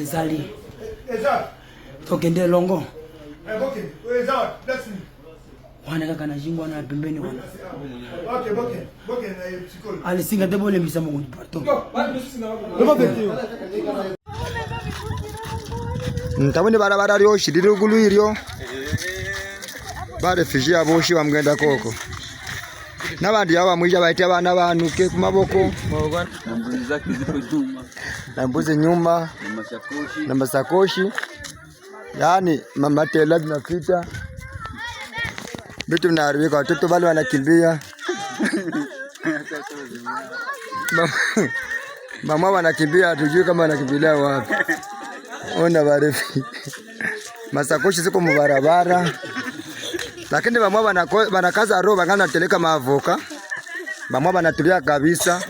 ezali tokende longo eh, eh, wana kaka na jingo wana ya pembeni wana alisinga te bolembisa mokonzi parton ntabone barabara ryoshi riri ruguru iryo barefugie aboshi bamwenda koko n'abandi yaba bamwije bahita abana banuke ku nambuze nyuma na masakoshi, yaani matela zinapita, vitu vinaharibika, watoto bali wanakimbia mama wanakimbia, hatujui kama wanakimbilia wapi. Ona barefi masakoshi ziko mubarabara, lakini bamwa banakaza roho bangana teleka mavoka, bamwa wanatulia kabisa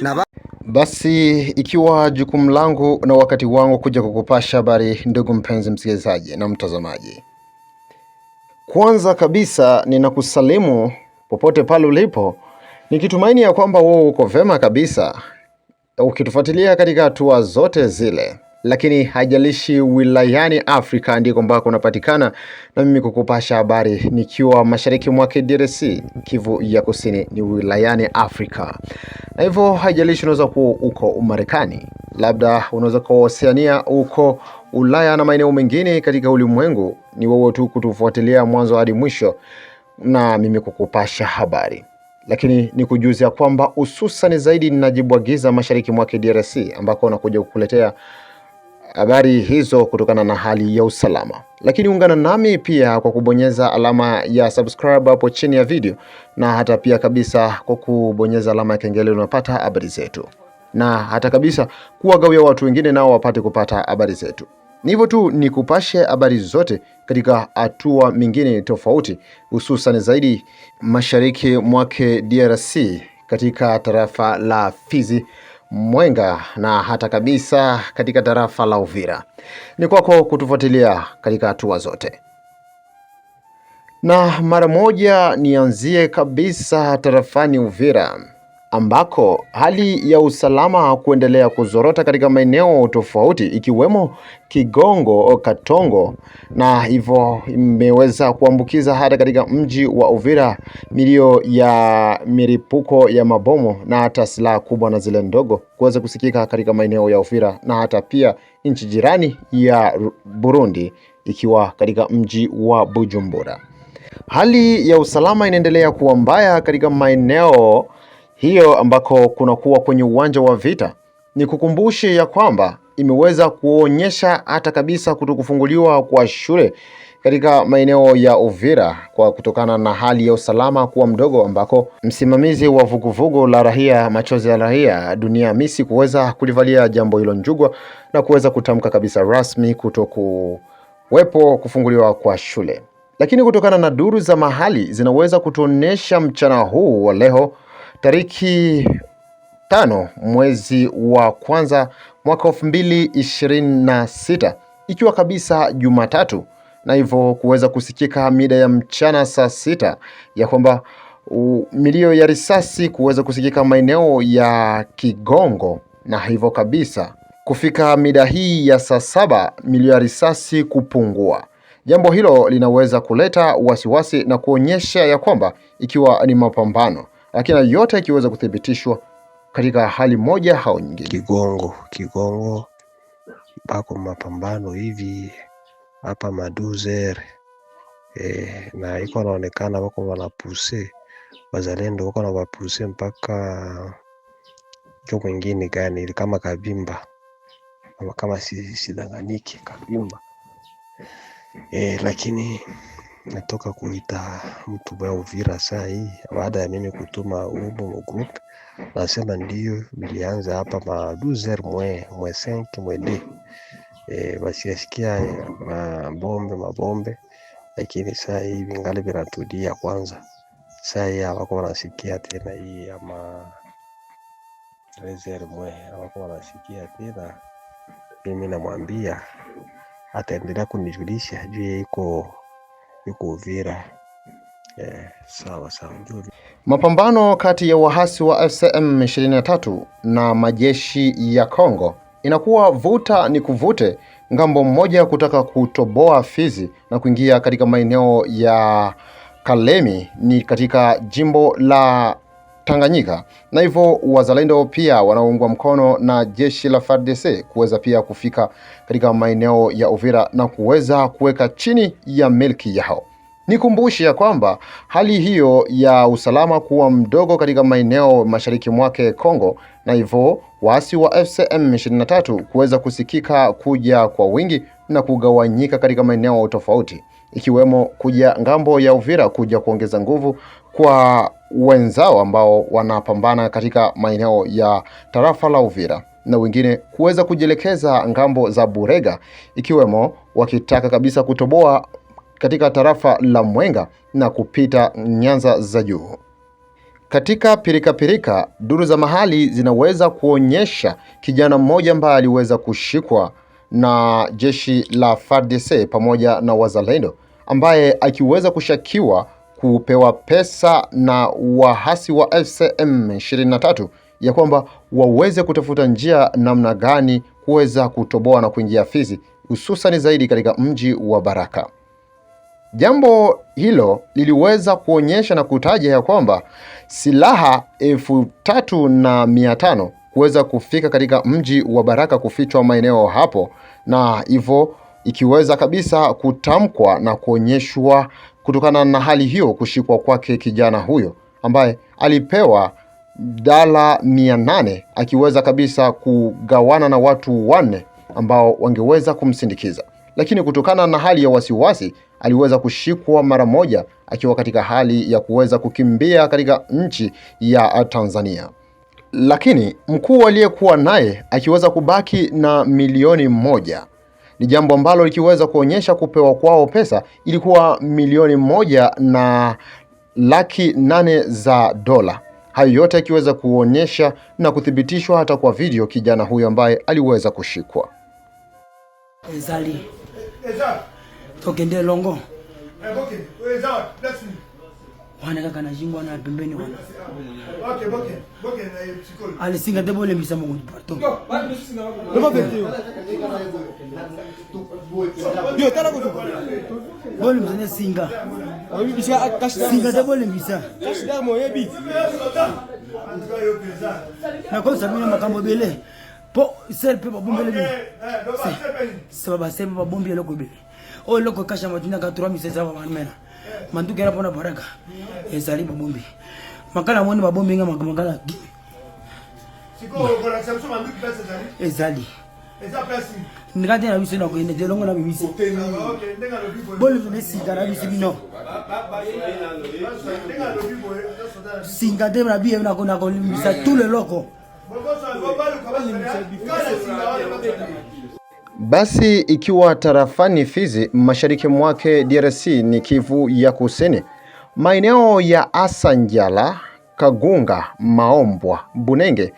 na basi ikiwa jukumu langu na wakati wangu kuja kukupasha habari, ndugu mpenzi msikilizaji na mtazamaji, kwanza kabisa ninakusalimu popote pale ulipo, nikitumaini ya kwamba wewe uko vema kabisa, ukitufuatilia katika hatua zote zile, lakini haijalishi wilayani Afrika ndiko ambako unapatikana, na mimi kukupasha habari nikiwa mashariki mwa DRC, Kivu ya Kusini, ni wilayani Afrika na hivyo haijalishi unaweza kuwa uko marekani labda unaweza kuwa Oceania, uko Ulaya na maeneo mengine katika ulimwengu. Ni wewe tu kutufuatilia mwanzo hadi mwisho na mimi kukupasha habari, lakini ni kujuzia kwamba hususani zaidi ninajibwagiza mashariki mwake DRC ambako unakuja kukuletea habari hizo kutokana na hali ya usalama. Lakini ungana nami pia kwa kubonyeza alama ya subscribe hapo chini ya video, na hata pia kabisa kwa kubonyeza alama ya kengele unapata habari zetu, na hata kabisa kuwagawia watu wengine nao wapate kupata habari zetu. Ni hivyo tu, ni kupashe habari zote katika hatua mingine tofauti, hususan zaidi mashariki mwake DRC katika tarafa la Fizi Mwenga na hata kabisa katika tarafa la Uvira. Ni kwako kutufuatilia katika hatua zote, na mara moja nianzie kabisa tarafani Uvira ambako hali ya usalama kuendelea kuzorota katika maeneo tofauti ikiwemo Kigongo, Katongo na hivyo imeweza kuambukiza hata katika mji wa Uvira milio ya milipuko ya mabomu na hata silaha kubwa na zile ndogo kuweza kusikika katika maeneo ya Uvira na hata pia nchi jirani ya Burundi ikiwa katika mji wa Bujumbura. Hali ya usalama inaendelea kuwa mbaya katika maeneo hiyo ambako kunakuwa kwenye uwanja wa vita. Ni kukumbushe ya kwamba imeweza kuonyesha hata kabisa kutokufunguliwa kwa shule katika maeneo ya Uvira kwa kutokana na hali ya usalama kuwa mdogo, ambako msimamizi wa vuguvugu la rahia machozi ya rahia dunia misi kuweza kulivalia jambo hilo njugwa na kuweza kutamka kabisa rasmi kutokuwepo kufunguliwa kwa shule, lakini kutokana na duru za mahali zinaweza kutuonesha mchana huu wa leo tariki tano mwezi wa kwanza mwaka elfu mbili ishirini na sita ikiwa kabisa Jumatatu, na hivyo kuweza kusikika mida ya mchana saa sita ya kwamba milio ya risasi kuweza kusikika maeneo ya Kigongo, na hivyo kabisa kufika mida hii ya saa saba milio ya risasi kupungua. Jambo hilo linaweza kuleta wasiwasi na kuonyesha ya kwamba ikiwa ni mapambano lakini yote ikiweza kuthibitishwa katika hali moja au nyingine. Kigongo Kigongo pako mapambano hivi hapa maduzer eh, na iko anaonekana wako wanapuse wazalendo wako na wapuse mpaka cho mwingine gani kama Kabimba kama, kama sidanganike si Kabimba eh, lakini Natoka kuita mtu wa Uvira saa hii baada ya mimi kutuma ubo mgroup, nasema ndio nilianza hapa ma 12h mwe mwe 5 mwe d e, basi asikia mabombe mabombe, lakini saa hii vingali vinatudia kwanza. Saa hii hawako wanasikia tena hii ama reser mwe hawako wanasikia tena. Mimi namwambia ataendelea kunijulisha juu iko yuko Uvira. Eh, sawa sawa. Mapambano kati ya waasi wa FCM 23 na majeshi ya Kongo inakuwa vuta ni kuvute, ngambo mmoja kutaka kutoboa Fizi na kuingia katika maeneo ya Kalemi ni katika jimbo la Tanganyika, na hivyo wazalendo pia wanaoungwa mkono na jeshi la FARDC kuweza pia kufika katika maeneo ya Uvira na kuweza kuweka chini ya milki yao. Nikumbushi ya kwamba hali hiyo ya usalama kuwa mdogo katika maeneo mashariki mwake Kongo, na hivyo waasi wa FCM 23 kuweza kusikika kuja kwa wingi na kugawanyika katika maeneo tofauti ikiwemo kuja ngambo ya Uvira kuja kuongeza nguvu kwa wenzao ambao wanapambana katika maeneo ya tarafa la Uvira na wengine kuweza kujielekeza ngambo za Burega ikiwemo wakitaka kabisa kutoboa katika tarafa la Mwenga na kupita Nyanza za juu. Katika pirikapirika duru za mahali zinaweza kuonyesha kijana mmoja ambaye aliweza kushikwa na jeshi la FARDC pamoja na wazalendo, ambaye akiweza kushakiwa kupewa pesa na wahasi wa FCM 23 ya kwamba waweze kutafuta njia namna gani kuweza kutoboa na kuingia Fizi, hususani zaidi katika mji wa Baraka. Jambo hilo liliweza kuonyesha na kutaja ya kwamba silaha elfu tatu na mia tano kuweza kufika katika mji wa Baraka kufichwa maeneo hapo, na hivyo ikiweza kabisa kutamkwa na kuonyeshwa kutokana na hali hiyo kushikwa kwake kijana huyo ambaye alipewa dala mia nane akiweza kabisa kugawana na watu wanne ambao wangeweza kumsindikiza, lakini kutokana na hali ya wasiwasi aliweza kushikwa mara moja akiwa katika hali ya kuweza kukimbia katika nchi ya Tanzania lakini mkuu aliyekuwa naye akiweza kubaki na milioni moja ni jambo ambalo likiweza kuonyesha kupewa kwao pesa ilikuwa milioni moja na laki nane za dola. Hayo yote akiweza kuonyesha na kuthibitishwa hata kwa video kijana huyo ambaye aliweza kushikwa Ezali. Ezali. wana kaka na jingo wana pembeni wana alisinga ah, te bolembisa mokonzi pardonbolembisa te singasinga te bolembisa nakomisa bino makambo ebele po ser mpe babombeli bino eh, se babaser mpe babombi eloko ebele oyo oh, eloko ekasha matindaka 3 misesa babamena mandukera mpona baraka ezali babombi makala moni babombi nga makala gi ezali ndeka te na biso na koyende te elongo na bimisi bolutu nde singa na biso bino singa te na biye nakolimbisa tout leloko Basi ikiwa tarafani Fizi, mashariki mwake DRC ni Kivu ya Kusini, maeneo ya Asanjala, Kagunga, Maombwa, Bunenge,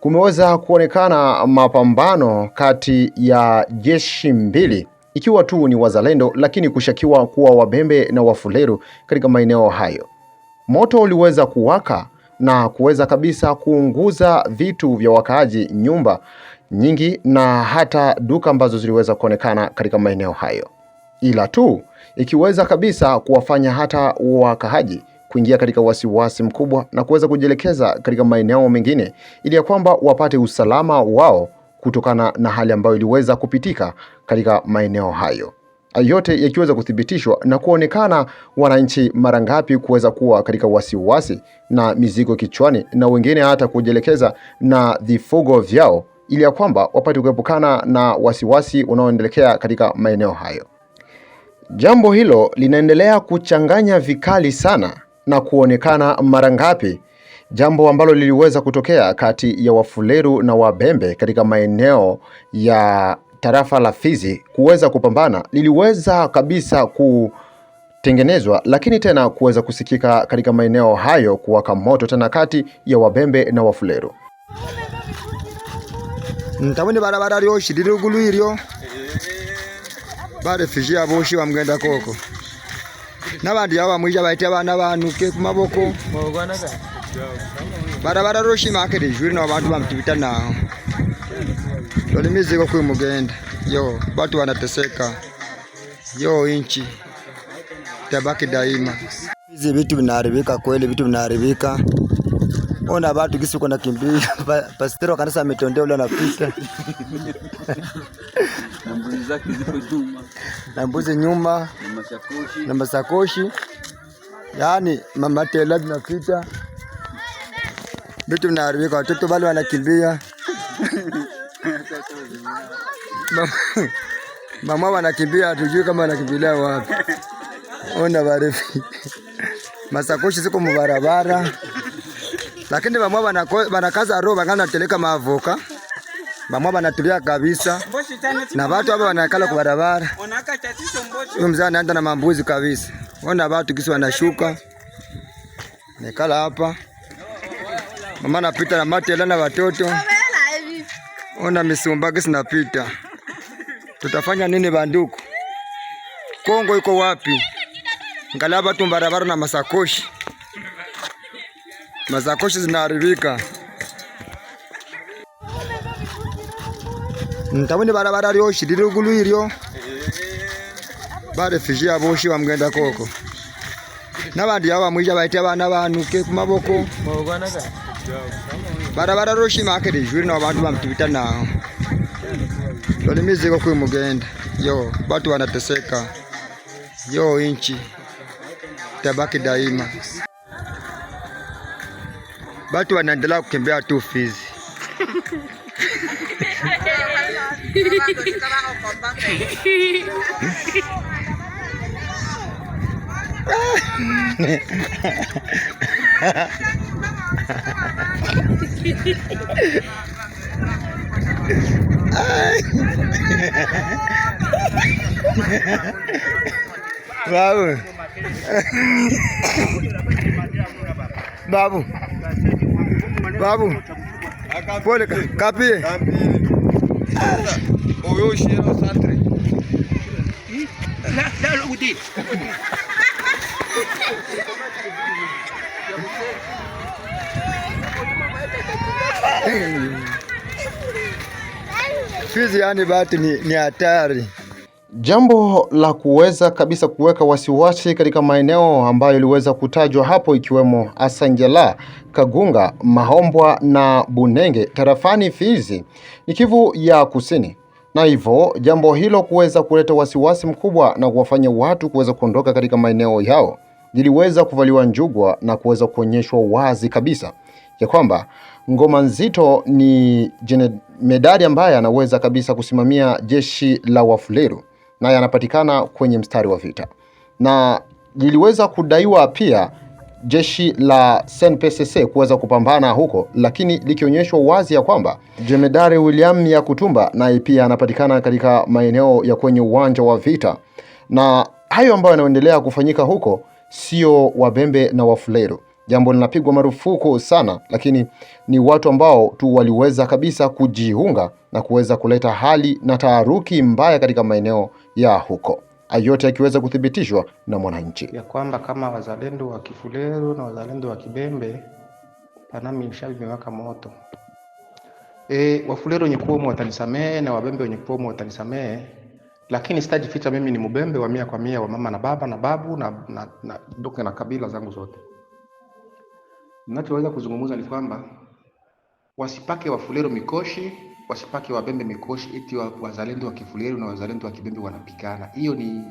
kumeweza kuonekana mapambano kati ya jeshi mbili ikiwa tu ni wazalendo, lakini kushakiwa kuwa wabembe na wafuleru katika maeneo hayo. Moto uliweza kuwaka na kuweza kabisa kuunguza vitu vya wakaaji, nyumba nyingi na hata duka ambazo ziliweza kuonekana katika maeneo hayo, ila tu ikiweza kabisa kuwafanya hata wakaaji kuingia katika wasiwasi mkubwa na kuweza kujielekeza katika maeneo mengine ili ya kwamba wapate usalama wao kutokana na hali ambayo iliweza kupitika katika maeneo hayo yote yakiweza kuthibitishwa na kuonekana wananchi mara ngapi kuweza kuwa katika wasiwasi na mizigo kichwani, na wengine hata kujielekeza na vifugo vyao ili ya kwamba wapate kuepukana na wasiwasi unaoendelea katika maeneo hayo. Jambo hilo linaendelea kuchanganya vikali sana na kuonekana mara ngapi, jambo ambalo liliweza kutokea kati ya Wafuleru na Wabembe katika maeneo ya tarafa la Fizi kuweza kupambana liliweza kabisa ku tengenezwa lakini tena kuweza kusikika katika maeneo hayo kuwaka moto tena kati ya Wabembe na Wafuleru ntabone barabara lyoshi riri ruguru iryo barefugiye aboshi bamwenda koko n'abandi baba bamwije bahita abana banuke ku maboko barabara roshi makere juri na abantu bamtibita nao dore imizigo kuri mugenda yo batu wanateseka yo inchi tabaki daima hizi vitu vinaharibika kweli vitu vinaharibika Ona batu kisi kuna kimbia. Pastero wa kanisa ametondea ule anapita. Na mbuzi zake ziko nyuma. Na mbuzi nyuma. Na masakoshi. Na masakoshi. Yaani mama tela zinapita. Vitu vinaharibika, watoto bado wanakimbia. Mama wanakimbia, hatujui kama wanakimbilia wapi. Ona barefi. Masakoshi ziko mubarabara lakini bamwa banakaza roho bangana nateleka maavoka bamwa banatulia kabisa, na batu aba banakala ku barabara. Huyo mzee anaenda na mambuzi kabisa, ona batu kisi wanashuka nekala hapa. Mama napita na matela na watoto, ona misumba kisi napita. Tutafanya nini banduku? Kongo iko wapi? Ngalaba tu barabara na masakoshi masakoshi zinaharibika. Ntabone barabara ryoshi riri ruguru iryo barefuji aboshi wamgenda koko n'abandi yao bamwija baite abana banuke ku maboko barabara roshi makere juri na bantu bamtibita nao loni mizigo kwi yo batu wanateseka yo inchi tabaki daima Batu wanaendelea kutembea tu Fizi. Babu. Babu. Babu. Pole kapie. Oyo shiro santre. Fizi yani bati ni hatari. Jambo la kuweza kabisa kuweka wasiwasi katika maeneo ambayo iliweza kutajwa hapo ikiwemo Asangela, Kagunga, Mahombwa na Bunenge tarafani Fizi ni Kivu ya Kusini, na hivyo jambo hilo kuweza kuleta wasiwasi mkubwa na kuwafanya watu kuweza kuondoka katika maeneo yao, liliweza kuvaliwa njugwa na kuweza kuonyeshwa wazi kabisa ya kwamba ngoma nzito ni jenerali ambaye anaweza kabisa kusimamia jeshi la Wafuliru na yanapatikana kwenye mstari wa vita, na liliweza kudaiwa pia jeshi la SNPCC kuweza kupambana huko, lakini likionyeshwa wazi ya kwamba jemedari William Kutumba naye pia anapatikana katika maeneo ya kwenye uwanja wa vita, na hayo ambayo yanaendelea kufanyika huko sio Wabembe na Wafuleru, jambo linapigwa marufuku sana, lakini ni watu ambao tu waliweza kabisa kujiunga na kuweza kuleta hali na taharuki mbaya katika maeneo ya huko, yote akiweza kuthibitishwa na Mwananchi ya kwamba kama wazalendo wa Kifuleru na wazalendo wa Kibembe panami shabi vimewaka moto. E, Wafuleru wenye kuomo watanisamee na Wabembe wenye kuomo watanisamee lakini sitajificha, mimi ni Mubembe wa mia kwa mia wa mama na baba na babu na, na, na, na, na kabila zangu zote. Ninachoweza kuzungumza ni kwamba wasipake Wafuleru mikoshi wa wabembe mikoshi eti wa, wazalendo wa Kifuliru na wazalendo wa Kibembe wanapigana. Hiyo ni,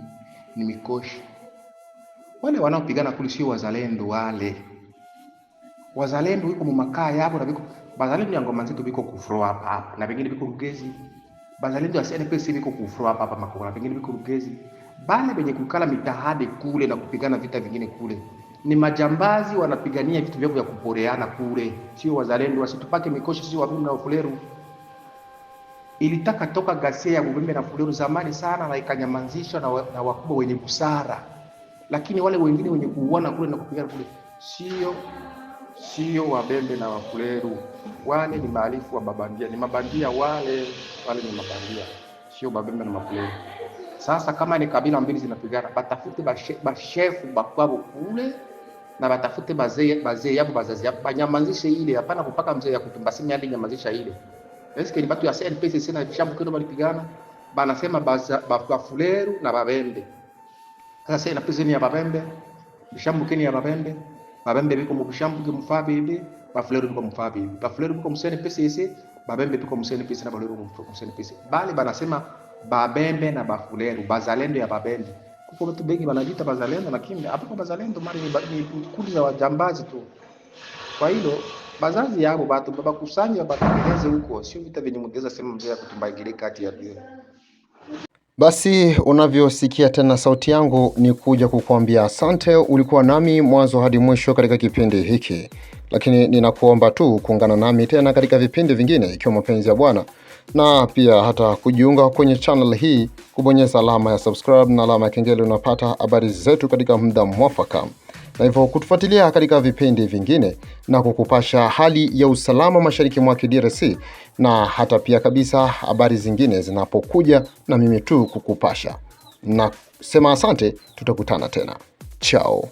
ni mikoshi. Wale wanaopigana kule sio wazalendo wale. Wazalendo wiko mumakaa yapo na biko bazalendo ya ngoma zetu biko kufro hapa hapa na pengine biko Rugezi. Bazalendo ya SNPC biko kufro hapa hapa makoko na pengine biko Rugezi. Bale benye kukala mitahadi kule na kupigana vita vingine kule ni majambazi wanapigania vitu vyao vya kuporeana kule, sio wazalendo. Wasitupake mikoshi, sio wabimi na ufuleru ilitaka toka ghasia ya Gombe na Fuluru zamani sana na ikanyamazishwa na, na wakubwa wenye busara, lakini wale wengine wenye kuuana kule na kupigana kule sio sio Wabembe na Wafuleru, wale ni maalifu wa mabandia, ni mabandia wale wale, ni mabandia, sio Babembe na Mafuleru. Sasa kama ni kabila mbili zinapigana, batafute bashefu bakwabo kule na batafute bazee bazee yabo bazazi yabo, banyamazishe ile. Hapana kupaka mzee ya kutumba simu, hadi nyamazisha ile eske ni batu ya CNPSC na Bishambo kendo balipigana, banasema fuleru na babembe. Sasa CNPSC ni ya babembe, Bishambo keni ya babembe, babembe biko mu Bishambo ke mufa bibi, bafuleru biko mufa bibi, bafuleru biko mu CNPSC, babembe biko mu CNPSC na baleru mu CNPSC. Bale banasema babembe na bafuleru, bazalendo ya babembe. Kuko watu bengi wanajiita bazalendo, lakini hapo bazalendo mari ni kundi la wajambazi tu. Kwa hilo bazazi yabo bakusanye babatengeneze huko, sio vita vyenye mgeza sema mzee kutumbaigire kati ya bio. Basi unavyosikia tena sauti yangu ni kuja kukuambia asante. Ulikuwa nami mwanzo hadi mwisho katika kipindi hiki, lakini ninakuomba tu kuungana nami tena katika vipindi vingine, ikiwa mapenzi ya Bwana, na pia hata kujiunga kwenye channel hii, kubonyeza alama ya subscribe na alama ya kengele, unapata habari zetu katika muda mwafaka na hivyo kutufuatilia katika vipindi vingine na kukupasha hali ya usalama mashariki mwake DRC na hata pia kabisa habari zingine zinapokuja, na mimi tu kukupasha. Nasema asante, tutakutana tena. Chao.